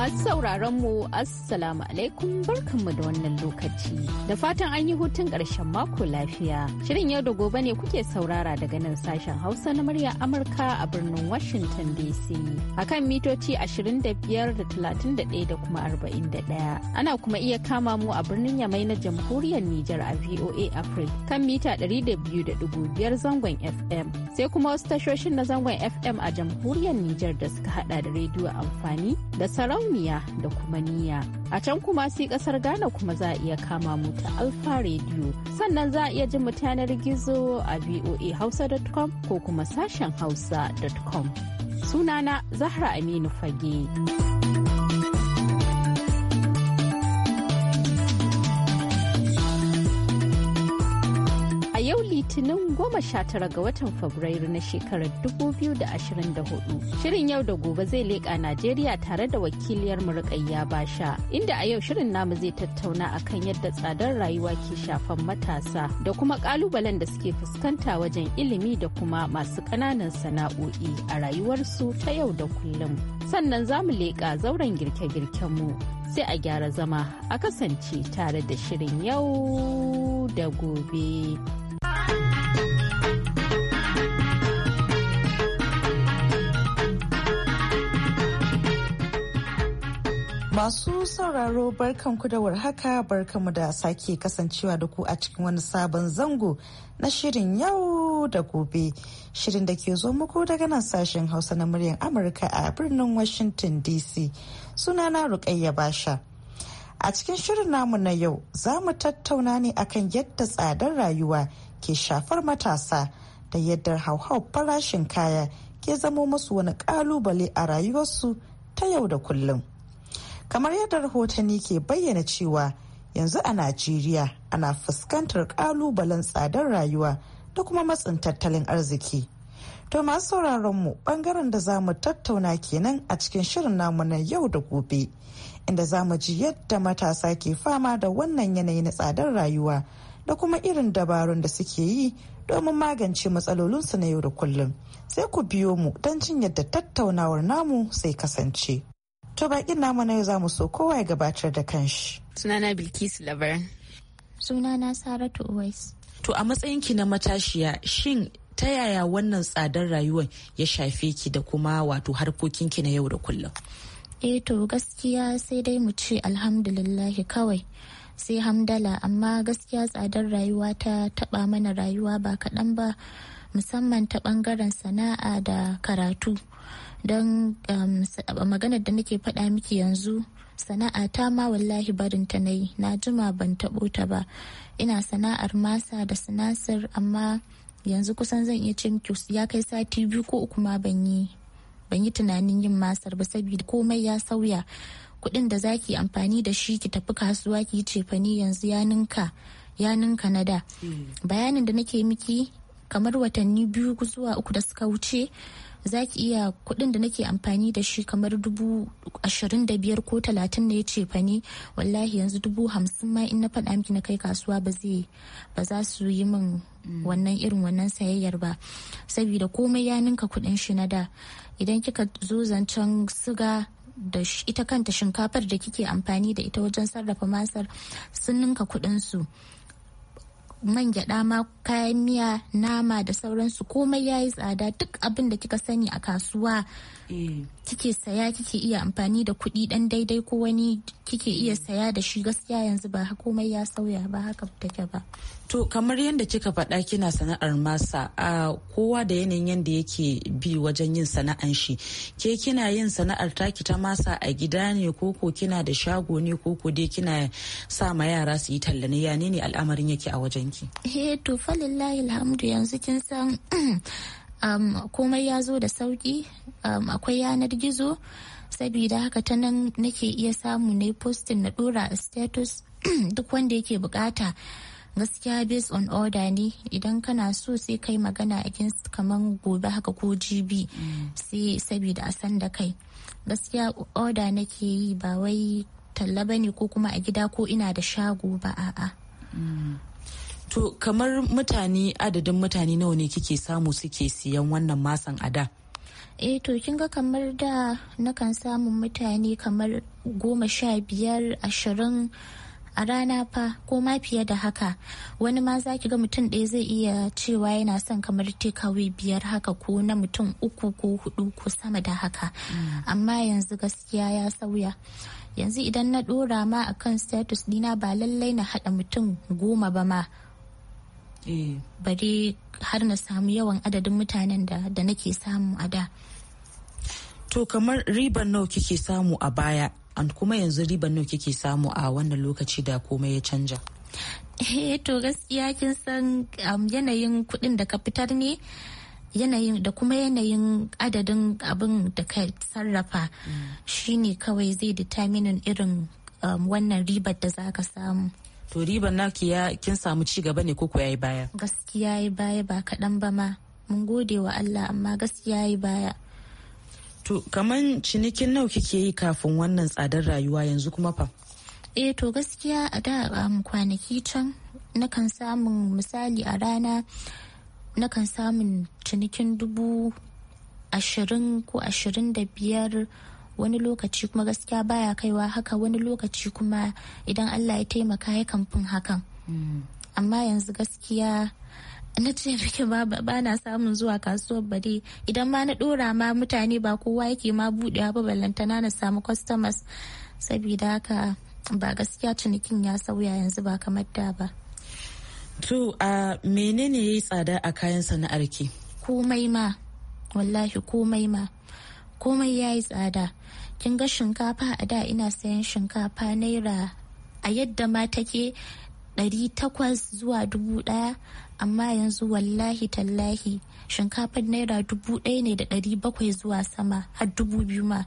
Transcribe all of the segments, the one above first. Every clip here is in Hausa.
Masu sauraron mu Assalamu alaikum barkanmu da wannan lokaci. Da fatan an yi hutun ƙarshen mako lafiya. Shirin yau da gobe ne kuke saurara daga nan sashen Hausa na murya Amurka a birnin Washington DC. a kan mitoci 25 da da kuma 41. Ana kuma iya kama mu a birnin Yamai na Jamhuriyar Nijar a VOA Africa kan mita 200.5 zangon FM. Sai kuma wasu tashoshin na zangon FM a Jamhuriyar Nijar da suka hada da rediyo amfani da sarau kimiyya da kuma niya. A can kuma sai kasar Ghana kuma za a iya kama mu ta Alfa Radio. Sannan za a iya jin mu yanar gizo a voahausa.com ko kuma sashen hausa.com. Sunana Zahra Aminu Fage. litinin goma sha tara ga watan fabrairu na shekarar 2024 shirin yau da gobe zai leƙa najeriya tare da wakiliyar murƙayya basha inda a yau shirin namu zai tattauna akan yadda tsadar rayuwa ke shafan matasa da kuma ƙalubalen da suke fuskanta wajen ilimi da kuma masu ƙananan sana'o'i a rayuwarsu ta yau da kullum sannan za mu leƙa zauren girke girken mu sai a gyara zama a kasance tare da shirin yau da gobe. Masu sauraro ku da warhaka barkanmu da sake kasancewa da ku a cikin wani sabon zango na shirin yau da gobe. Shirin da ke zo muku daga nan sashen Hausa na muryar Amurka a birnin Washington DC. Sunana Rukayya Basha. A cikin shirin namu na yau za mu tattauna ne akan yadda tsadar rayuwa ke shafar matasa da yadda hauhau farashin kaya ke zamo masu wani kalubale a rayuwarsu ta yau da kullum. kamar yadda rahotanni ke bayyana cewa yanzu a najeriya ana fuskantar kalubalen tsadar rayuwa da kuma matsin tattalin arziki to masu sauraron mu bangaren da za mu tattauna kenan a cikin shirin namu na yau da gobe inda za mu ji yadda matasa ke fama da wannan yanayi na tsadar rayuwa da kuma irin dabarun da suke yi domin magance matsalolinsu na yau da kullum sai ku biyo mu don jin yadda tattaunawar namu sai kasance. To bakin namu na yau za mu so kowa ya gabatar da kanshi. Sunana Bilkisu Labar. Sunana Saratu Uwais. To a matsayinki na matashiya shin ta yaya wannan tsadar rayuwar ya shafe ki da kuma wato harkokinki na yau da kullum? Eh to gaskiya sai dai mu ce alhamdulillahi kawai. sai hamdala amma gaskiya tsadar rayuwa ta taba mana rayuwa ba kaɗan ba musamman ta ɓangaren sana'a da karatu don um, maganar da nake faɗa miki yanzu sana'a ta ma wallahi barin ta na yi na jima ban taɓo ta ba ina sana'ar masa da sinasir amma yanzu kusan zan iya ce miki ya kai sati biyu ko uku ma ban yi tunanin yin masar ba saboda komai ya sauya kuɗin da za zaki amfani da shi ki tafi kasuwa ki yi cefani yanzu ya ninka ya ninka na da hmm. bayanin da nake miki kamar watanni biyu zuwa uku da suka wuce za ki iya kudin da nake amfani da shi kamar dubu ashirin da biyar ko talatin ne ce fa wallahi yanzu dubu hamsin ma in na faɗa miki na kai kasuwa ba zai ba za su yi min mm. wannan irin wannan sayayyar ba saboda komai ya ninka kudin shi na da idan kika zo zancen siga da ita kanta shinkafar da kike amfani da ita wajen sarrafa masar sun ninka kudin su man gyada ma kayan miya nama da sauransu komai ya yi tsada duk abin da kika sani a kasuwa eh. kike saya kike iya amfani da kuɗi dan daidai ko wani kike iya mm. saya da shi gaskiya yanzu ba komai ya sauya ba haka take ba To kamar yadda kika faɗa kina sana'ar masa a kowa da yanayin yadda yake bi wajen yin sana'an shi. Ke kina yin sana'ar taki ta masa a gida ne koko kina da shago ne koko dai kina sa ma yara su yi talla ne ya ne al'amarin yake a wajen ki? he eh, to falillahi alhamdu yanzu kin san komai ya zo da sauki akwai yanar gizo sabida haka ta nan nake iya samu na postin na dora status duk wanda yake bukata. gaskiya based on order ne idan kana so sai kai magana against kaman gobe haka ko jibi sai saboda a san da kai gaskiya order nake yi ba wai talla bane ko kuma a gida ko ina da shago ba a'a to kamar mutane adadin mutane nawa ne kike samu suke siyan wannan masan a da eh to kin ga kamar da nakan samun mutane kamar goma sha biyar ashirin a rana fa ko ma fiye da haka wani ma za ki ga mutum ɗaya zai iya cewa yana son kamar takeaway biyar haka ko na mutum uku ko hudu ko sama da haka mm. amma yanzu gaskiya ya sauya yanzu idan na ɗora ma akan status dina ba lallai na haɗa mutum goma ba ma eh. bare har na samu yawan adadin mutanen da nake samu a da. To kamar riban nawa kike samu a baya an kuma yanzu riban nawa kike samu a wannan lokaci da komai ya canja eh to gaskiya kin san um, yanayin kuɗin da ka fitar ne yanayin da kuma yanayin adadin abin da ka sarrafa shine kawai zai determine irin um, wannan ribar da za ka samu to ribar naki ya kin samu ci gaba ne koko yayi baya gaskiya yayi baya ba kaɗan ba ma mun gode wa Allah amma gaskiya yayi baya To kaman cinikin nawa kike yi kafin wannan tsadar rayuwa yanzu kuma fa? Eh to gaskiya a da um, kwanaki can nakan samun misali a rana nakan samun cinikin dubu ashirin ko ashirin da biyar wani lokaci kuma gaskiya baya kaiwa haka wani lokaci kuma idan Allah ya taimaka ya kamfin hakan. Mm. Amma yanzu gaskiya na ce miki ba na samun zuwa kasuwar bare idan ma na dora ma mutane ba kowa yake ma budewa ba ballantana na samu customers saboda haka ba gaskiya cinikin ya sauya yanzu ba kamar da ba to a menene yayi tsada a kayan sana'arki komai ma wallahi komai ma komai yayi tsada kin ga shinkafa a da ina sayan shinkafa naira a yadda ma take ɗari takwas zuwa dubu ɗaya amma yanzu wallahi tallahi shinkafar naira dubu ɗaya ne da ɗari bakwai zuwa sama har dubu biyu ma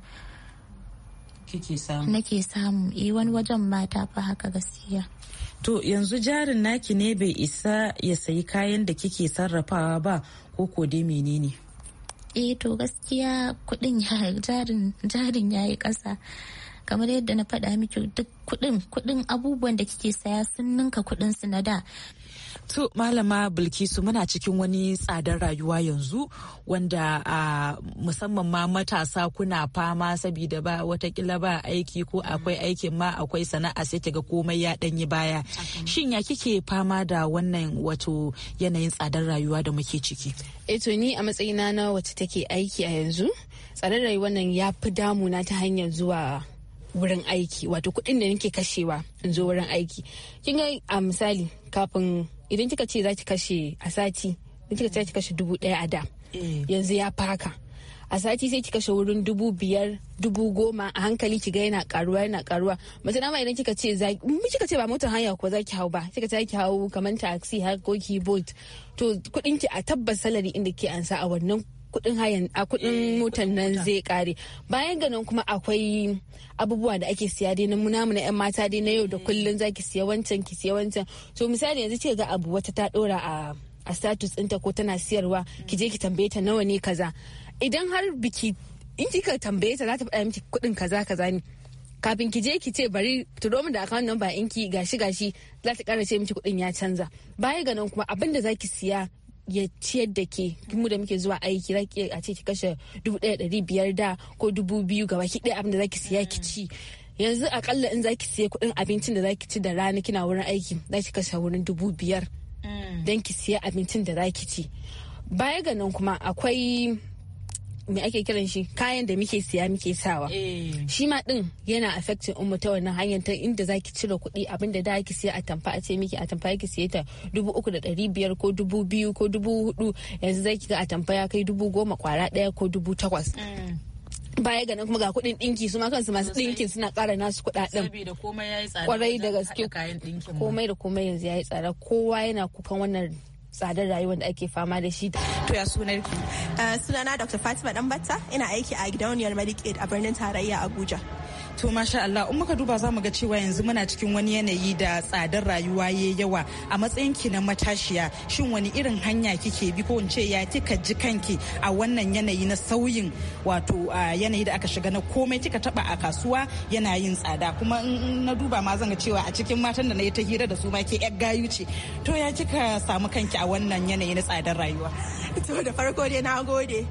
nake samu e wani wajen mata fa haka gaskiya to yanzu jarin naki ne bai isa ya sayi kayan da kike sarrafawa ba ko ko dai menene eh to gaskiya kudin jarin jarin yayi ƙasa. kamar yadda na faɗa miki duk kuɗin kuɗin abubuwan da kike saya sun ninka kuɗin su na da To malama Bilkisu muna cikin wani tsadar rayuwa yanzu wanda a musamman ma matasa kuna fama saboda ba watakila ba aiki ko akwai aikin ma akwai sana'a sai kaga komai ya danyi baya. Shin ya kike fama da wannan wato yanayin tsadar rayuwa da muke ciki? E to ni a matsayina na wacce take aiki a yanzu tsadar rayuwar nan ya fi damuna ta hanyar zuwa wurin aiki wato kuɗin da nake kashewa in zo wurin aiki kin ga a misali kafin idan kika ce za ki kashe a sati idan kika ce ki kashe dubu ɗaya a da mm. yanzu ya faka a sati sai ki kashe wurin dubu biyar dubu goma a hankali ki ga yana karuwa yana karuwa mace nama idan kika ce za kika ce ba motar hanya ko za ki hau ba kika ce za ki hau kamar taxi har ko ki bolt to kudin ki a tabbas salari inda ke ansa a wannan kudin hayan a kudin eh, motar nan zai kare bayan ganin kuma akwai abubuwa da ake siya dai na munamu na yan mata dai na yau da eh. kullun zaki siya wancan ki siya wancan to misali yanzu ce ga abu wata ta dora a a status ɗinta ko tana siyarwa ki je ki tambaye ta nawa ne kaza idan har biki in kika tambaye ta za ta faɗa miki kuɗin kaza kaza ne kafin ki je ki ce bari turo min da account number in gashi gashi za ta ƙara ce miki kuɗin ya canza baya ga nan kuma abin da zaki siya ya ciyar da ke mu da muke zuwa aiki zaki a ce ki kashe dubu ɗaya ɗari biyar da ko dubu biyu gaba ki ɗaya abinda za ki siya ki ci yanzu akalla in za ki siya kuɗin abincin da za ki ci da rana kina wurin aiki za ki kashe wurin dubu biyar mm. don ki siya abincin da za ki ci baya ga nan kuma akwai me ake kiran shi kayan da muke siya muke sawa eh. shi ma din yana affecting umma ta wannan hanyar ta inda zaki cire kuɗi abin da da ki siya a tamfa a ce miki a tamfa yake siya ta dubu uku da ɗari biyar ko dubu biyu ko dubu hudu yanzu zaki ga a tamfa ya kai dubu goma kwara ɗaya ko dubu takwas mm. baya ganin kuma ga kuɗin ɗinki su ma kansu masu ɗinkin suna ƙara nasu kuɗaɗen kwarai da gaske komai da komai yanzu ya yi tsada kowa yana kukan wannan tsadar rayuwar da ake fama da shi. To ya sunar ki? Eh, sunana Dr. Fatima Danbatta ina aiki a gidauniyar Medicaid a birnin tarayya Abuja. To masha Allah in muka duba za mu ga cewa yanzu muna cikin wani yanayi da tsadar rayuwa ya yawa a matsayin ki na matashiya shin wani irin hanya kike bi ko in ce ya kika ji kanki a wannan yanayi na sauyin wato yanayi da aka shiga na komai kika taba a kasuwa yana yin tsada kuma in na duba ma zan ga cewa a cikin matan da na yi ta hira da su ma ke yar gayu ce to ya kika samu kanki a wannan yanayi na tsadar rayuwa. To da farko dai na gode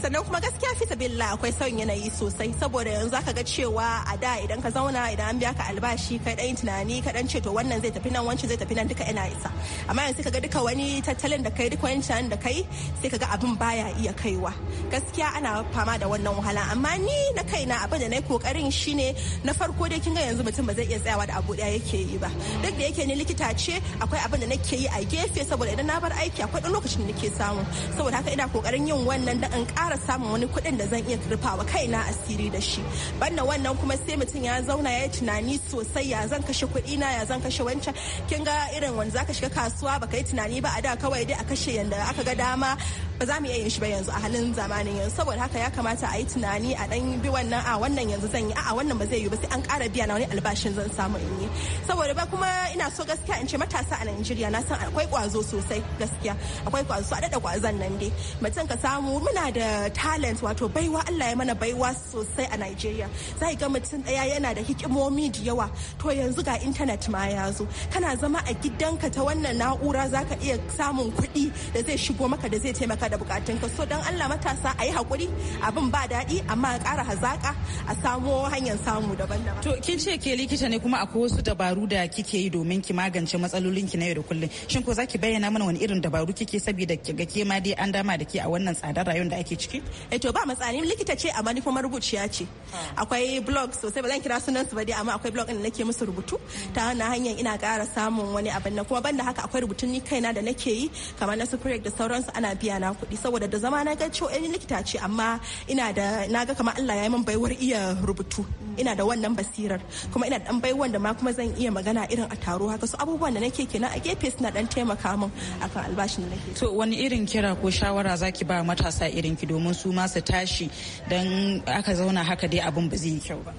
sannan kuma gaskiya fi sabilla akwai son yanayi sosai saboda yanzu aka ga cewa a da idan ka zauna idan an biya ka albashi kai dan tunani ka dan ce to wannan zai tafi nan wancan zai tafi nan duka ina isa amma yanzu ka ga duka wani tattalin da kai duka wani tunanin da kai sai ka ga abin baya iya kaiwa gaskiya ana fama da wannan wahala amma ni na kaina abin da na yi kokarin shine na farko dai kin ga yanzu mutum ba zai iya tsayawa da abu daya yake yi ba duk da yake ni likita ce akwai abin da nake yi a gefe saboda idan na bar aiki akwai dan lokacin da nake samu saboda haka ina kokarin yin wannan da in fara samun wani kuɗin da zan iya rufawa kaina asiri da shi banda wannan kuma sai mutum ya zauna ya yi tunani sosai ya zan kashe kuɗi na ya zan kashe wancan kin ga irin wanda zaka shiga kasuwa baka yi tunani ba a da kawai dai a kashe yanda aka ga dama ba za mu iya yin shi ba yanzu a halin zamanin yanzu saboda haka ya kamata a yi tunani a dan bi wannan a wannan yanzu zan yi a wannan ba zai yi ba sai an kara biya na wani albashin zan samu in yi saboda ba kuma ina so gaskiya in ce matasa a Najeriya na san akwai kwazo sosai gaskiya akwai kwazo a dada kwazon nan dai mutum ka samu muna da talent wato baiwa Allah ya mana baiwa sosai a Nigeria za ga mutum daya yana da hikimomi da yawa to yanzu ga internet ma ya zo kana zama a gidanka ta wannan na'ura zaka iya samun kuɗi da zai shigo maka da zai taimaka da bukatunka so don Allah matasa a yi haƙuri abin ba daɗi amma a ƙara hazaƙa a samo hanyar samu daban-daban. To kin ce ke likita ne kuma akwai wasu dabaru da kike yi domin ki magance matsalolin ki na yau da kullum shin ko za bayyana mana wani irin dabaru kike saboda ga ke ma dai an dama da ke a wannan tsadar rayuwar da ake ciki. ciki e to ba matsani likita ce amma ni kuma rubuciya ce akwai blog sosai ba zan kira sunan su ba dai amma akwai blog din nake musu rubutu ta wannan hanyar ina ƙara samun wani abin na kuma banda haka akwai rubutun ni kaina da nake yi kamar na su project da sauransu ana biya na kuɗi saboda da zama na ga cewa eh, likita ce amma ina da na ga kamar Allah ya yi min baiwar iya rubutu ina da wannan basirar kuma ina dan bai wanda ma kuma zan iya magana irin a taro haka su abubuwan da nake kenan a gefe suna dan taimaka min akan albashin da nake to wani irin kira ko shawara zaki ba matasa irin ki domin su ma su tashi don aka zauna haka dai abin ba zai yi kyau ba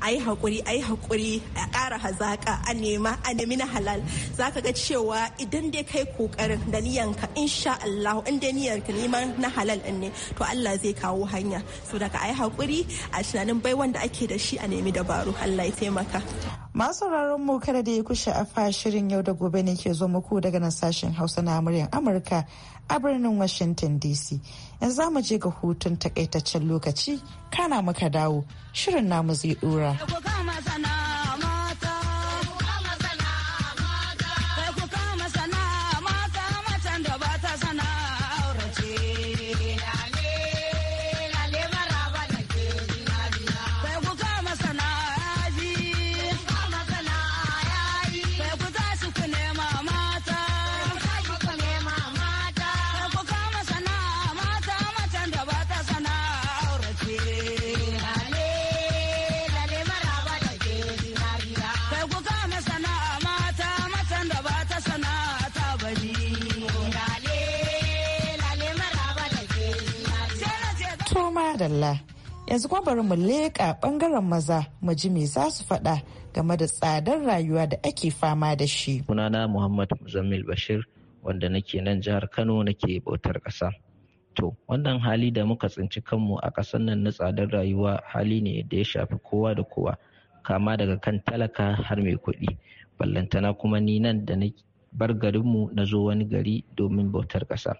a yi haƙuri a yi haƙuri a ƙara hazaƙa a nema a nemi na halal za ka ga cewa idan dai kai ƙoƙarin da niyanka insha Allah in dai niyanka neman na halal in ne to Allah zai kawo hanya so daga a yi haƙuri a tunanin bai wanda ake da shi a nemi dabaru Allah ya taimaka. Masu sauraron mu kada da ya kushe afa shirin yau da gobe ne ke zo muku daga nan sashen Hausa na muryar Amurka a birnin Washington DC. in za mu je ga hutun takaitaccen lokaci, kana muka dawo, shirin namu zai dora. talla yanzu kuma bari mu leƙa ɓangaren maza mu ji me za su faɗa game da tsadar rayuwa da ake fama da shi. Sunana Muhammad Muzammil Bashir wanda nake nan jihar Kano nake bautar ƙasa. To, wannan hali da muka tsinci kanmu a ƙasar nan na tsadar rayuwa hali ne da ya shafi kowa da kowa, kama daga kan talaka har mai kuɗi. Ballantana kuma ni nan da na bar garinmu na zo wani gari domin bautar ƙasa.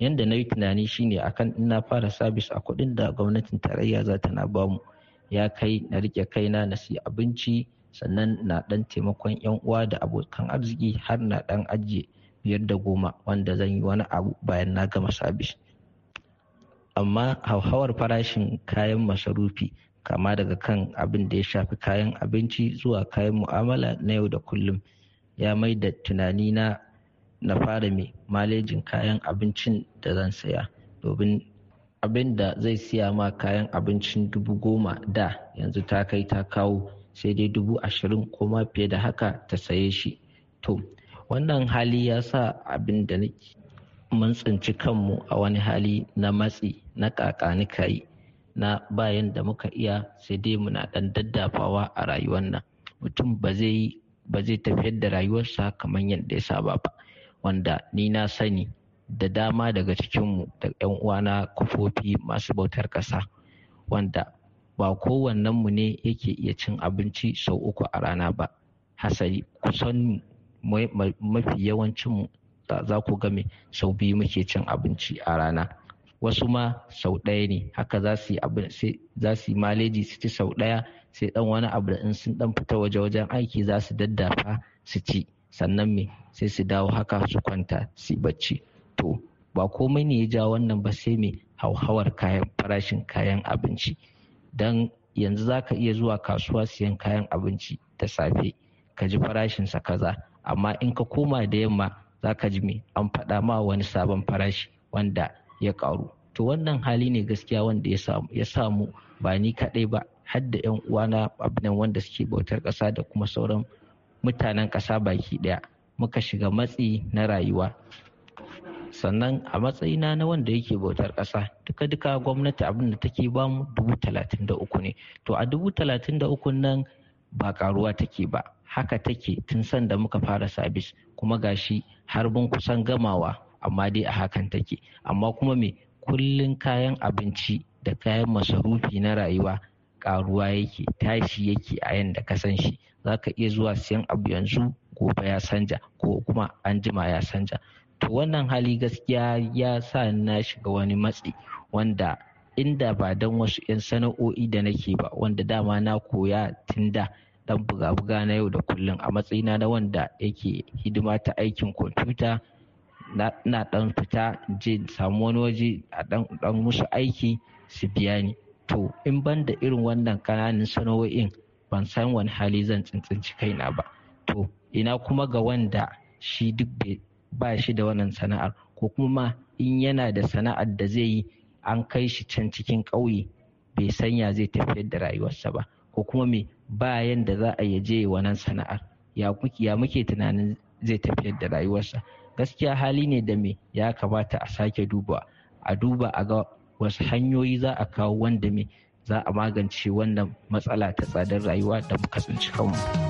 yanda na yi tunani shine akan in na fara sabis a kuɗin da gwamnatin tarayya za ta na bamu ya kai na rike kaina na siya abinci sannan na ɗan taimakon yan uwa da abokan arziki har na ɗan ajiye biyar da goma wanda zan yi wani abu bayan na gama sabis amma hauhawar farashin kayan masarufi kama daga kan abin da ya shafi kayan abinci zuwa kayan mu'amala na yau da kullum ya mai da tunani na na fara mai malejin kayan abincin da zan saya domin abin da zai siya ma kayan abincin dubu goma da yanzu ta kai ta kawo sai dai dubu ashirin ko ma fiye da haka ta saye shi to wannan hali ya sa abin da mun tsinci kanmu a wani hali na matsi na kakani kai na bayan da muka iya sai dai muna dan daddafawa a rayuwar nan mutum ba zai ba zai tafiyar da rayuwarsa kamar yadda ya saba ba wanda ni na sani da dama daga cikinmu da 'yan uwana kufofi masu bautar ƙasa wanda ba kowannenmu ne yake iya cin abinci sau uku a rana ba hasari kusan mafi yawancinmu za ku game sau biyu muke cin abinci a rana wasu ma sau ɗaya ne haka za su yi maleji su ci sau ɗaya sai ɗan wani abu da in sun ɗan fita waje wajen aiki za su daddafa su ci sannan me sai su dawo haka su kwanta su bacci to ba komai ne ya ja wannan ba sai me hauhawar kayan farashin kayan abinci don yanzu za ka iya zuwa kasuwa siyan kayan abinci da safe ka ji farashinsa kaza amma in ka koma da yamma za ka ji me an faɗa ma wani sabon farashi wanda ya ƙaru to wannan hali ne gaskiya wanda ya samu ba ni kaɗai ba har da 'yan uwana abinan wanda suke bautar ƙasa da kuma sauran mutanen ƙasa baki ɗaya muka shiga matsi na rayuwa sannan a matsayina na wanda yake bautar ƙasa duka duka gwamnati abin da take ba mu dubu talatin da uku ne to a dubu talatin da uku nan ba karuwa take ba haka take tun san da muka fara sabis kuma gashi har mun kusan gamawa amma dai a hakan take amma kuma me kullun kayan abinci da kayan masarufi na rayuwa karuwa yake tashi yake a yanda ka san shi za ka iya zuwa siyan abu yanzu gobe ya canja ko kuma an jima ya sanja to wannan hali gaskiya ya sa na shiga wani matsi wanda inda ba don wasu 'yan sana'o'i da nake ba wanda dama na koya tun da dan buga-buga na yau da kullum a matsayina na wanda yake hidima ta aikin kwamfuta na dan fita je samu wani waje a dan musu aiki su biya ni to in ban da irin wannan kananan sana'o'in ban san wani hali zan tsintsinci kaina ba to ina kuma ga wanda shi duk ba shi da wannan sana'ar ko kuma in yana da sana'ar da zai yi an kai shi can cikin ƙauye bai sanya zai tafiyar da rayuwarsa ba ko kuma me ba da za a yaje wannan sana'ar ya muke tunanin zai tafiyar da rayuwarsa gaskiya hali ne da me ya kamata a sake duba a duba a ga wasu hanyoyi za a kawo wanda me za a magance wannan matsala ta tsadar rayuwa da muka tsinci kanmu.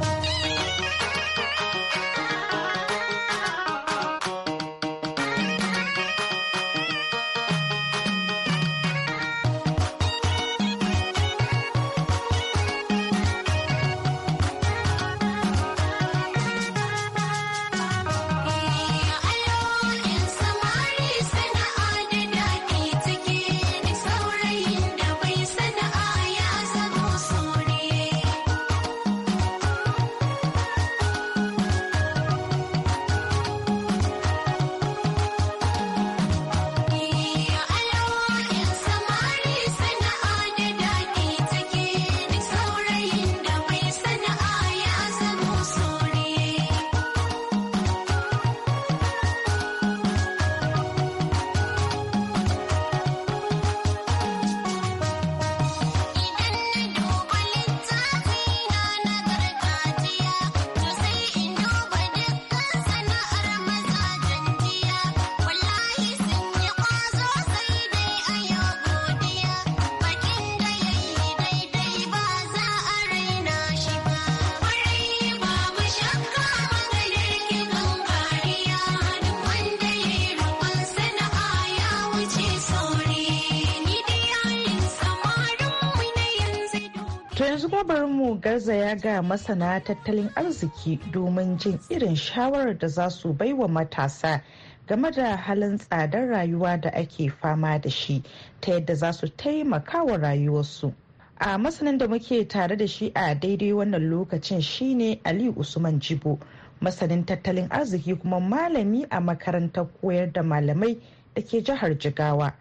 To yanzu kuma mu garza ya ga masana tattalin arziki domin jin irin shawarar da za su baiwa matasa game da halin tsadar rayuwa da ake fama da shi ta yadda za su taimaka wa rayuwarsu. A masanin da muke tare da shi a daidai wannan lokacin shine Ali Usman Jibo, masanin tattalin arziki kuma malami a makarantar koyar da malamai da ke jihar Jigawa.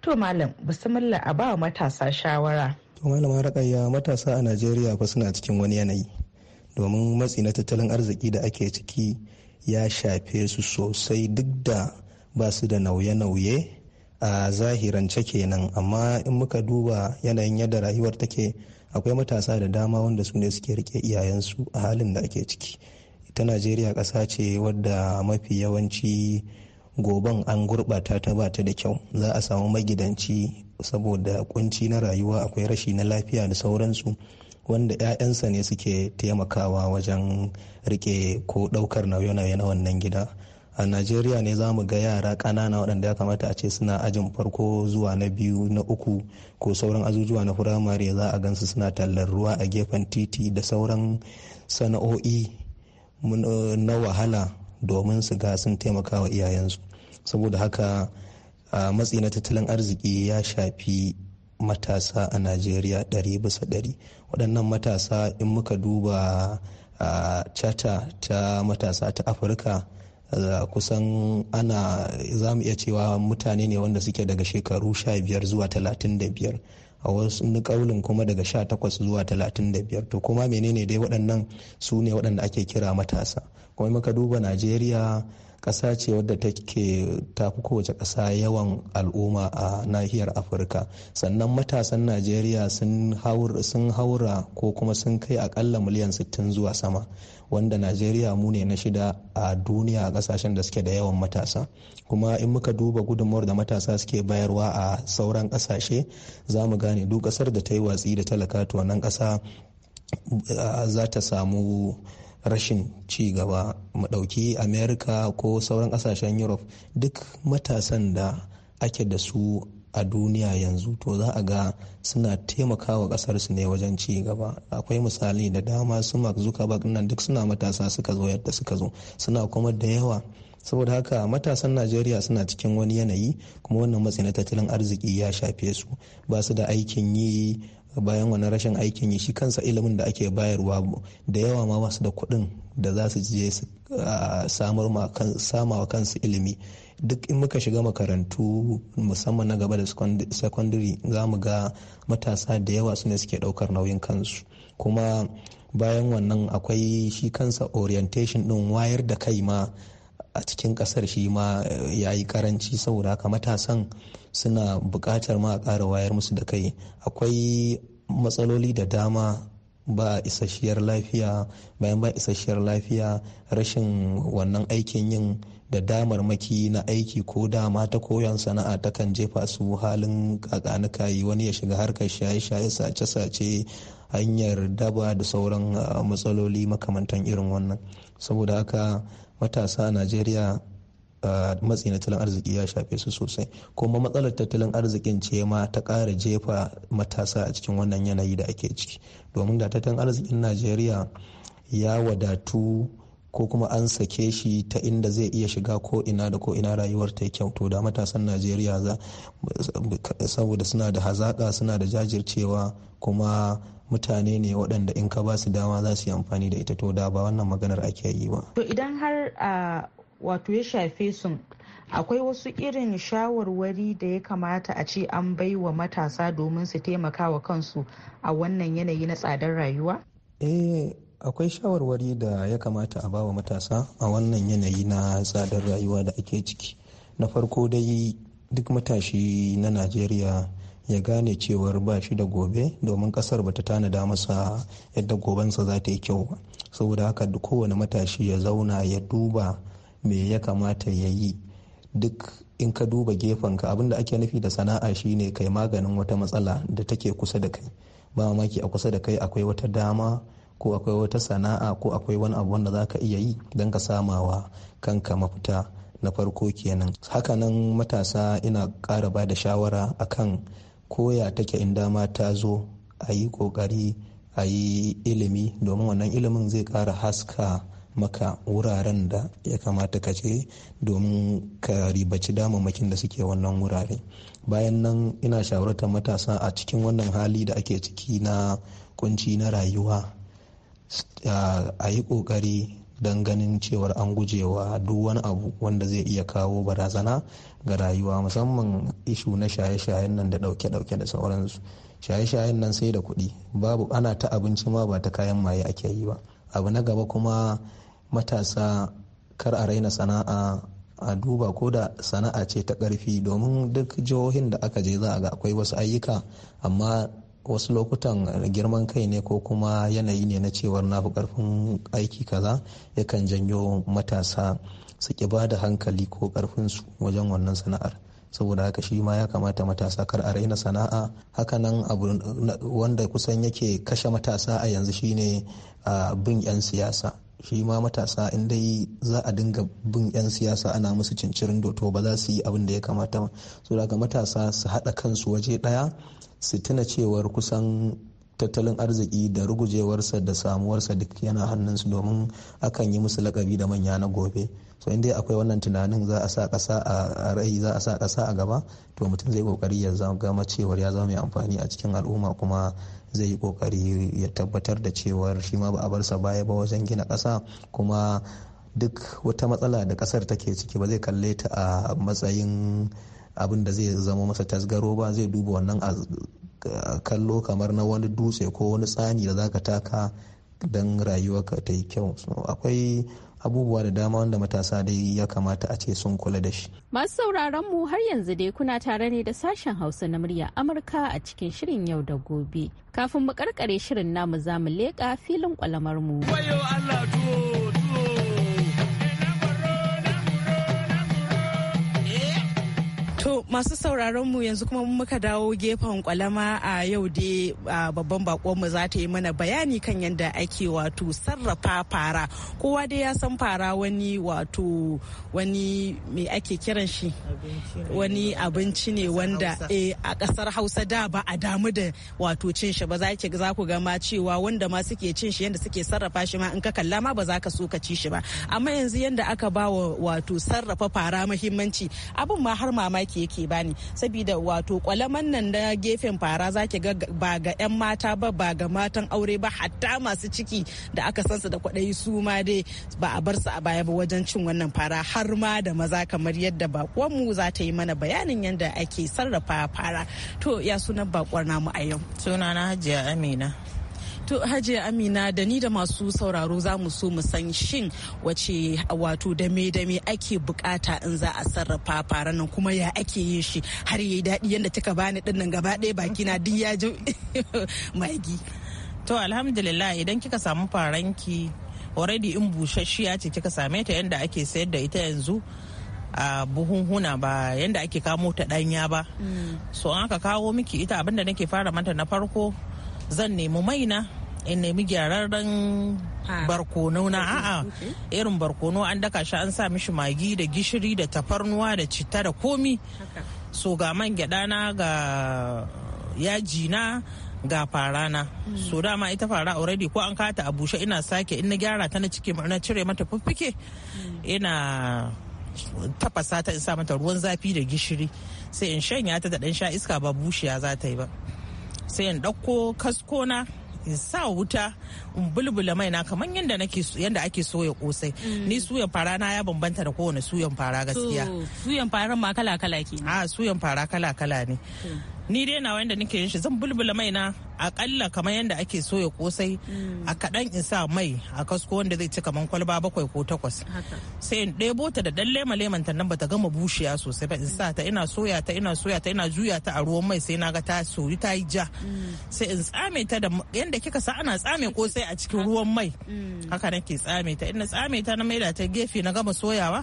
To malam, bismillah a ba matasa shawara. to malama raƙayya matasa a najeriya fa suna cikin wani yanayi domin matsi na tattalin arziki da ake ciki ya shafe su sosai duk da ba su da nauye-nauye a zahirance kenan amma in muka duba yanayin yadda rayuwar take akwai matasa da dama wanda su ne suke rike iyayensu a halin da ake ciki ita najeriya ƙasa ce wadda mafi yawanci goban an gurɓata ta ba ta da kyau za a samu magidanci saboda kunci na rayuwa akwai rashi na lafiya da sauransu wanda 'ya'yansa ne suke taimakawa wajen rike ko daukar nauye-nauye na wannan gida a najeriya ne za mu ga yara ƙanana waɗanda ya kamata a ce suna ajin farko zuwa na biyu na uku ko sauran azuzuwa na firamare za a gansu suna tallar ruwa a gefen titi da sauran sana'o'i eh, na wahala domin su ga sun taimaka wa iyayensu saboda haka a matsi na tattalin arziki ya shafi matasa a najeriya ɗari bisa ɗari waɗannan matasa in muka duba chata ta matasa ta afirka kusan ana za mu iya cewa mutane ne wanda suke daga shekaru 15 zuwa 35 a wasu nukaulin kuma daga sha 18 zuwa biyar to kuma menene dai waɗannan su ne waɗanda ake kira matasa kuma muka duba najeriya ƙasa ce wadda take tafi kowace ƙasa yawan al'umma a nahiyar afirka sannan matasan najeriya sun haura ko kuma sun kai akalla miliyan 60 zuwa sama wanda najeriya mu ne na shida a duniya a kasashen da suke da yawan matasa kuma in muka duba gudunmawar da matasa suke bayarwa a sauran kasashe za mu gane duk ƙasar da ta yi watsi da talaka to nan kasa za ta samu rashin ci gaba mu ɗauki america ko sauran ƙasashen europe duk matasan da ake da su a duniya yanzu to za a ga suna taimakawa kasar su ne wajen ci gaba akwai misali da dama su mark zuckerberg nan duk suna matasa suka zo yadda suka zo suna kuma da yawa saboda haka matasan najeriya suna cikin wani yanayi kuma wannan matsi na tattalin arziki ya shafe su ba su da aikin yi bayan wani rashin aikin yi shi kansa ilimin da ake bayarwa da yawa ma masu da kuɗin da za su je su ah, sama wa kansu ilimi duk in muka shiga makarantu musamman na gaba da secondary za mu ga matasa da yawa su ne suke ɗaukar nauyin kansu kuma bayan wannan akwai shi kansa orientation ɗin wayar da kai ma a cikin kasar shi ma eh, ya yi karanci saboda haka matasan suna buƙatar ma a ƙara wayar musu da kai akwai matsaloli da dama ba isasshiyar lafiya bayan ba isasshiyar lafiya rashin wannan aikin yin da damar maki na aiki ko dama ta koyon sana'a ta kan jefa su halin kakanuka yi wani ya shiga harkar shaye-shaye sace-sace hanyar daba da sauran ah, matsaloli makamantan irin wannan saboda haka matasa a najeriya matsi na tattalin arziki ya shafe su sosai kuma matsalar tattalin arzikin ce ma ta ƙara jefa matasa a cikin wannan yanayi da ake ciki domin da tattalin arzikin najeriya ya wadatu ko kuma an sake shi ta inda zai iya shiga ko ina da ko ina rayuwar ta kyau to da matasan najeriya za saboda suna da hazaƙa suna da jajircewa kuma mutane ne waɗanda in ka ba su dama za su yi amfani da ita to da ba wannan maganar ake yi ba to idan har wato ya shafe su akwai wasu irin shawarwari da ya kamata a ce an bai wa matasa domin su taimaka wa kansu a wannan yanayi na tsadar rayuwa eh akwai shawarwari da ya kamata a bawa matasa a wannan yanayi na tsadar rayuwa da ake ciki na farko dai duk matashi na najeriya ya gane cewar ba shi da gobe domin kasar ba ta tanada masa yadda gobensa za ta yi kyau ba saboda haka kowane matashi ya zauna ya duba me ya kamata ya yi duk in ka duba gefenka abinda ake nufi da sana'a shine kai maganin wata matsala da take kusa da kai ba mamaki a kusa da kai akwai wata dama ko akwai wata sana'a ko akwai wani abu wanda za ka iya yi don ka samawa kanka mafita na farko kenan hakanan matasa ina kara ba da shawara akan koya take in dama ta zo a yi ƙoƙari a yi ilimi domin wannan ilimin zai ƙara haska maka wuraren da ya kamata ka ce domin ka ribaci damammakin da suke wannan wurare bayan nan ina shawartar matasa a cikin wannan hali da ake ciki na kunci na rayuwa a yi ƙoƙari don ganin cewar an gujewa duk wani abu wanda zai iya kawo barazana ga rayuwa musamman ishu na shaye-shayen nan da ɗauke-ɗauke da sauransu shaye-shayen nan sai da kuɗi babu ana ta abinci ma ba ta kayan maye ake yi ba abu na gaba kuma matasa kar a raina sana'a a duba ko da sana'a ce ta ƙarfi domin duk jihohin da aka je za a ga akwai wasu ayyuka amma wasu lokutan girman kai ne ko kuma yanayi ne na cewar na fi ƙarfin aiki kaza yakan janyo matasa su ki ba da hankali ko karfinsu wajen wannan sana'ar saboda haka shi ma ya kamata matasa kar a raina sana'a hakanan abu wanda kusan yake kashe matasa a yanzu shine bin 'yan siyasa shi ma matasa in dai za a dinga bin 'yan siyasa ana musu cincirin doto ba za su yi abin da ya kamata ba so daga matasa su haɗa kansu waje ɗaya su tuna cewar kusan tattalin arziki da rugujewarsa da samuwarsa duk yana hannunsu domin akan yi musu lakabi da manya na gobe so in dai akwai wannan tunanin za a sa ƙasa a rai za a sa ƙasa a gaba to mutum zai kokari ya zama cewar ya zama mai amfani a cikin al'umma kuma zai yi kokari ya tabbatar da cewar shi ma ba a barsa baya ba wajen gina ƙasa kuma duk wata matsala da ƙasar take ciki ba zai kalle ta a matsayin abin da zai zama masa tasgaro ba zai duba wannan a kallo kamar na wani dutse ko wani tsani da za ka taka don rayuwarka ta yi kyau akwai abubuwa da dama wanda matasa dai ya kamata a ce sun kula da shi. Masu sauraron mu har yanzu dai kuna tare ne da sashen Hausa na murya Amurka a cikin shirin yau da gobe. Kafin mu karkare shirin namu za mu leƙa filin kwalamar mu. To masu sauraron mu yanzu kuma muka dawo gefen kwalama a yau dai babban bakonmu za ta yi mana bayani kan yadda ake wato sarrafa fara. Kowa dai ya san fara wani wato wani me ake kiran shi wani abinci ne wanda eh, a kasar Hausa da ba a damu da wato cin shi ba za za ku ga ma cewa wanda ma suke cin shi yadda suke sarrafa shi ma in ka kalla ma ba za ka so ka ci shi ba. Amma yanzu yadda aka ba wa wato sarrafa fara muhimmanci abin ma har mamaki yake bani saboda wato kwalaman nan na gefen fara zaki ga ba ga 'yan mata ba ba ga matan aure ba hatta masu ciki da aka san su da kwaɗayi su ma dai ba a bar su a baya ba wajen cin wannan fara har ma da maza kamar yadda bakonmu za ta yi mana bayanin yadda ake sarrafa fara to ya sunan bakwar namu a yau sunana hajiya amina wato Hajiya Amina da ni da masu sauraro za mu so mu san shin wace wato dame dame ake bukata in za a sarrafa fara nan kuma ya ake yin shi har yi daɗi yadda kika bani din nan gaba ɗaya baki na duk ya ji magi. To alhamdulillah idan kika samu faranki already in busasshiya ce kika same ta yadda ake sayar da ita yanzu a buhunhuna ba yadda ake kamo ta danya ba mm. so an aka kawo miki ita abinda nake fara manta na farko zan nemi maina in nemi gyararren ah. barkono na a'a irin barkono an daka shi an sa mishi magi da gishiri da tafarnuwa da citta da komi so ga man gyada na ga yaji na ga fara na hmm. so dama ita fara already ko an kata a bushe ina sake ina gyara ta na cike na cire mata fiffike hmm. ina tafasa ta in sa mata ruwan zafi da gishiri sai in shanya ta da dan sha iska ba bushiya za ta yi ba sai in ɗauko kaskona in sa wuta in bulbula mai na kamar yadda nake yadda ake soya kosai mm. ni suyan fara na ya bambanta da kowane suyan fara gaskiya suyan fara ma kala kala ke a ah, suyan fara kala kala ne ni dai na wanda nake yin shi zan bulbula mai na akalla kamar yadda ake soya kosai mm. a kaɗan in sa mai a kasko wanda zai ci kamar kwalba bakwai ko takwas sai in ɗebo ta da ɗan lema leman ta nan bata gama bushiya sosai ba in sa ta ina soya ta ina soya ta ina juya ta a ruwan mai sai na ga ta soyu ta yi ja mm. sai in tsame ta da yadda kika sa ana tsame kosai sai a cikin ruwan mai mm. haka nake tsame ta ina tsame ta na maida ta gefe na gama soyawa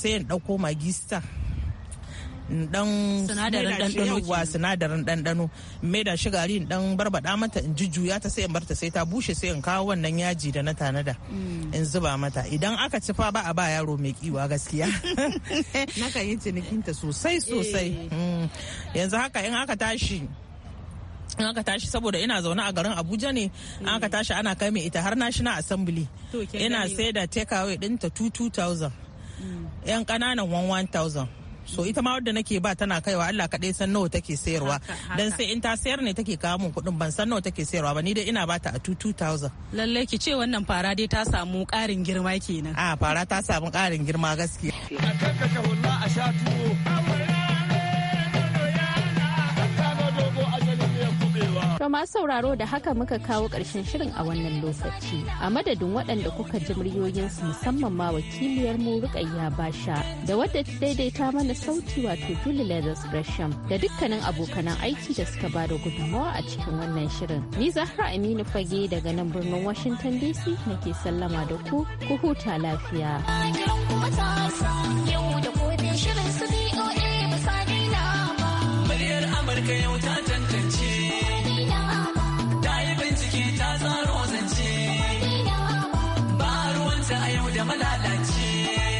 sai in dauko magi star dan sinadarin dandano wa sinadarin dandano maida shigari shi gari dan barbada mata in jujjuya ta sai in barta sai ta bushe sai in kawo wannan yaji da na tanada mm. in zuba mata idan aka ci ba a ba yaro mai kiwa gaskiya nakan yi cinikinta sosai sosai eh. mm. yanzu haka in aka tashi in aka tashi saboda ina zaune a garin abuja ne an aka mm. tashi ana kai mai ita har national assembly ina sai da takeaway dinta 2000 mm. yan kananan 1000 so ita ma wadda nake ba tana kaiwa Allah kaɗai san nawa take sayarwa dan sai in ta sayar ne take kawo min kuɗin ban san nawa take sayarwa ba ni dai ina bata a 2000 lalle ki ce wannan fara dai ta samu ƙarin girma kenan a ah, fara ta samu ƙarin girma gaskiya ma sauraro da haka muka kawo ƙarshen shirin a wannan lokaci. A madadin waɗanda kuka ji muryoyinsu musamman ma wakiliyar mu Rukayya Basha da wadda ta daidaita mana sauti wato Julie Leathers Gresham da dukkanin abokanan aiki da suka bada gudummawa a cikin wannan shirin. Ni Zahra Aminu Fage daga nan birnin Washington DC nake sallama da ku, ku huta lafiya.